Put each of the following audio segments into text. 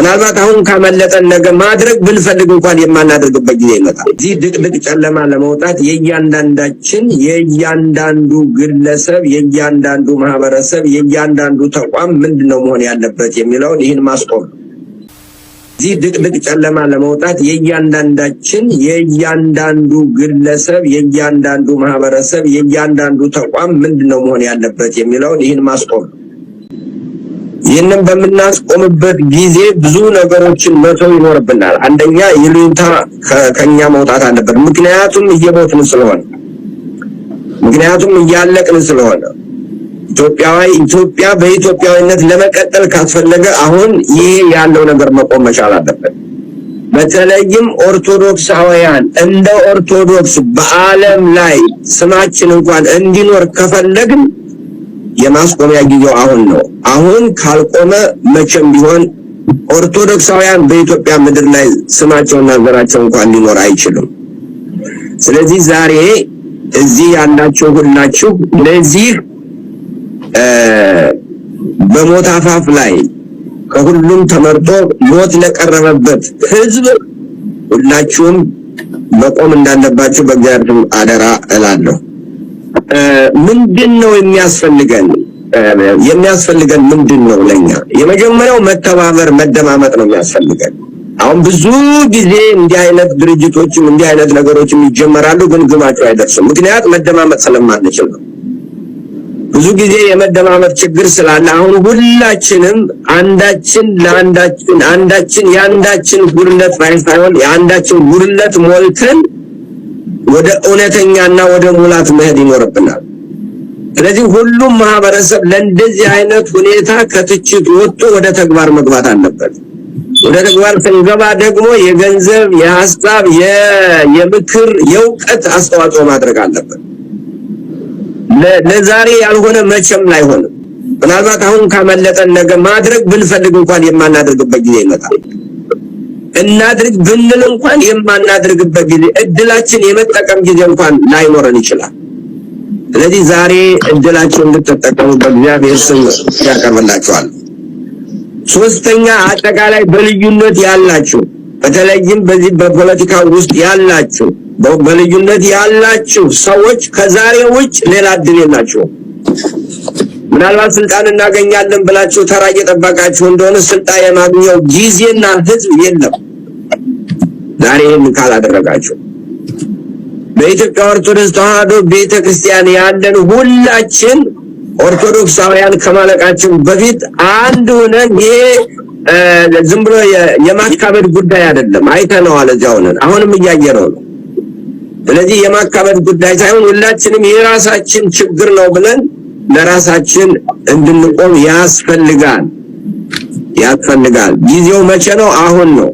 ምናልባት አሁን ከመለጠን ነገ ማድረግ ብንፈልግ እንኳን የማናደርግበት ጊዜ ይመጣል። እዚህ ድቅድቅ ጨለማ ለመውጣት የእያንዳንዳችን የእያንዳንዱ ግለሰብ፣ የእያንዳንዱ ማህበረሰብ፣ የእያንዳንዱ ተቋም ምንድን ነው መሆን ያለበት የሚለውን ይህን ማስቆም እዚህ ድቅድቅ ጨለማ ለመውጣት የእያንዳንዳችን የእያንዳንዱ ግለሰብ የእያንዳንዱ ማህበረሰብ የእያንዳንዱ ተቋም ምንድን ነው መሆን ያለበት የሚለውን ይህን ማስቆም ይህንን በምናስቆምበት ጊዜ ብዙ ነገሮችን መተው ይኖርብናል። አንደኛ ይሉኝታ ከኛ መውጣት አለበት። ምክንያቱም እየሞትን ስለሆነ፣ ምክንያቱም እያለቅን ስለሆነ ኢትዮጵያዊ ኢትዮጵያ በኢትዮጵያዊነት ለመቀጠል ካስፈለገ አሁን ይሄ ያለው ነገር መቆም መቻል አለበት። በተለይም ኦርቶዶክሳውያን እንደ ኦርቶዶክስ በዓለም ላይ ስማችን እንኳን እንዲኖር ከፈለግን የማስቆሚያ ጊዜው አሁን ነው። አሁን ካልቆመ መቼም ቢሆን ኦርቶዶክሳውያን በኢትዮጵያ ምድር ላይ ስማቸውና ዘራቸው እንኳን ሊኖር አይችልም። ስለዚህ ዛሬ እዚህ ያላችሁ ሁላችሁ ለዚህ በሞት አፋፍ ላይ ከሁሉም ተመርጦ ሞት ለቀረበበት ሕዝብ ሁላችሁም መቆም እንዳለባችሁ በእግዚአብሔር አደራ እላለሁ። ምንድን ነው የሚያስፈልገን? የሚያስፈልገን ምንድን ነው ለኛ? የመጀመሪያው መተባበር፣ መደማመጥ ነው የሚያስፈልገን። አሁን ብዙ ጊዜ እንዲህ አይነት ድርጅቶችም እንዲህ አይነት ነገሮችም ይጀመራሉ፣ ግን ግባቸው አይደርስም። ምክንያት መደማመጥ ስለማንችል ነው። ብዙ ጊዜ የመደማመጥ ችግር ስላለ አሁን ሁላችንም አንዳችን ለአንዳችን አንዳችን የአንዳችን ጉድለት ሳይሆን የአንዳችን ጉድለት ሞልተን ወደ እውነተኛና ወደ ሙላት መሄድ ይኖርብናል። ስለዚህ ሁሉም ማህበረሰብ ለእንደዚህ አይነት ሁኔታ ከትችት ወጥቶ ወደ ተግባር መግባት አለበት። ወደ ተግባር ስንገባ ደግሞ የገንዘብ፣ የሀሳብ፣ የምክር፣ የእውቀት አስተዋጽኦ ማድረግ አለበት። ለዛሬ ያልሆነ መቼም አይሆንም። ምናልባት አሁን ካመለጠን ነገ ማድረግ ብንፈልግ እንኳን የማናደርግበት ጊዜ ይመጣል። እናድርግ ብንል እንኳን የማናድርግበት ጊዜ እድላችን የመጠቀም ጊዜ እንኳን ላይኖረን ይችላል። ስለዚህ ዛሬ እድላቸው እንድትጠቀሙ በእግዚአብሔር ስም ያቀርብላችኋል። ሶስተኛ አጠቃላይ በልዩነት ያላችሁ በተለይም በዚህ በፖለቲካ ውስጥ ያላችሁ በልዩነት ያላችሁ ሰዎች ከዛሬ ውጭ ሌላ እድል የላችሁም። ምናልባት ስልጣን እናገኛለን ብላችሁ ተራ እየጠበቃችሁ እንደሆነ ስልጣን የማግኘው ጊዜና ህዝብ የለም። ዛሬ ይህን ካላደረጋችሁ በኢትዮጵያ ኦርቶዶክስ ተዋህዶ ቤተክርስቲያን ያለን ሁላችን ኦርቶዶክሳውያን ከማለቃችን በፊት አንድ ሆነን ይሄ ዝም ብሎ የማካበድ ጉዳይ አይደለም። አይተነዋል፣ እዚያ ሆነን አሁንም እያየነው ነው። ስለዚህ የማካበድ ጉዳይ ሳይሆን ሁላችንም የራሳችን ችግር ነው ብለን ለራሳችን እንድንቆም ያስፈልጋል ያስፈልጋል። ጊዜው መቼ ነው? አሁን ነው።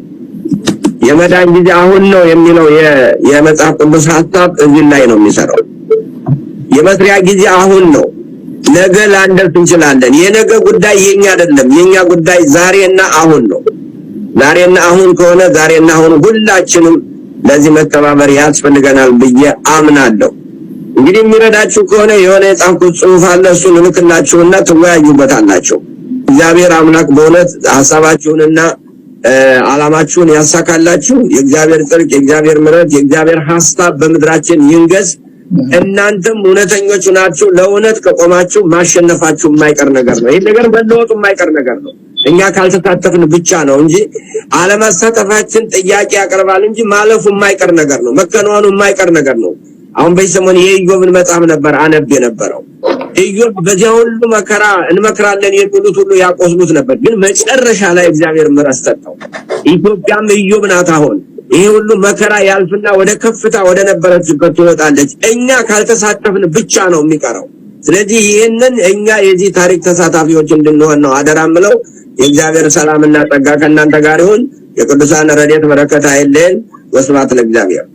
የመዳን ጊዜ አሁን ነው የሚለው የመጽሐፍ ቅዱስ ሐሳብ እዚህ ላይ ነው የሚሰራው። የመስሪያ ጊዜ አሁን ነው። ነገ ላንደርስ እንችላለን። የነገ ጉዳይ የኛ አይደለም። የኛ ጉዳይ ዛሬና አሁን ነው። ዛሬና አሁን ከሆነ ዛሬና አሁን ሁላችንም ለዚህ መተባበር ያስፈልገናል ብዬ አምናለሁ። እንግዲህ የሚረዳችሁ ከሆነ የሆነ የጻፍኩት ጽሁፍ አለ። እሱን እልክላችሁና ትወያዩበታላችሁ። እግዚአብሔር አምላክ በእውነት ሀሳባችሁንና አላማችሁን ያሳካላችሁ። የእግዚአብሔር ጥርቅ የእግዚአብሔር ምረት፣ የእግዚአብሔር ሀሳብ በምድራችን ይንገስ። እናንተም እውነተኞች ናችሁ። ለእውነት ከቆማችሁ ማሸነፋችሁ የማይቀር ነገር ነው። ይህ ነገር መለወጡ የማይቀር ነገር ነው። እኛ ካልተሳተፍን ብቻ ነው እንጂ አለመሳተፋችን ጥያቄ ያቀርባል እንጂ ማለፉ የማይቀር ነገር ነው። መከናወኑ የማይቀር ነገር ነው። አሁን በዚህ ሰሞን የኢዮብን መጽሐፍ ነበር አነብ የነበረው። ኢዮብ በዚያ ሁሉ መከራ እንመክራለን የሚሉት ሁሉ ያቆስሉት ነበር፣ ግን መጨረሻ ላይ እግዚአብሔር ምሕረት ሰጠው። ኢትዮጵያም ኢዮብ ናት። አሁን ይሄ ሁሉ መከራ ያልፍና ወደ ከፍታ ወደ ነበረችበት ትወጣለች። እኛ ካልተሳተፍን ብቻ ነው የሚቀረው። ስለዚህ ይህንን እኛ የዚህ ታሪክ ተሳታፊዎች እንድንሆን ነው አደራ ምለው። የእግዚአብሔር ሰላምና ጸጋ ከእናንተ ጋር ይሁን። የቅዱሳን ረድኤት በረከት አይለየን። ወስብሐት ለእግዚአብሔር።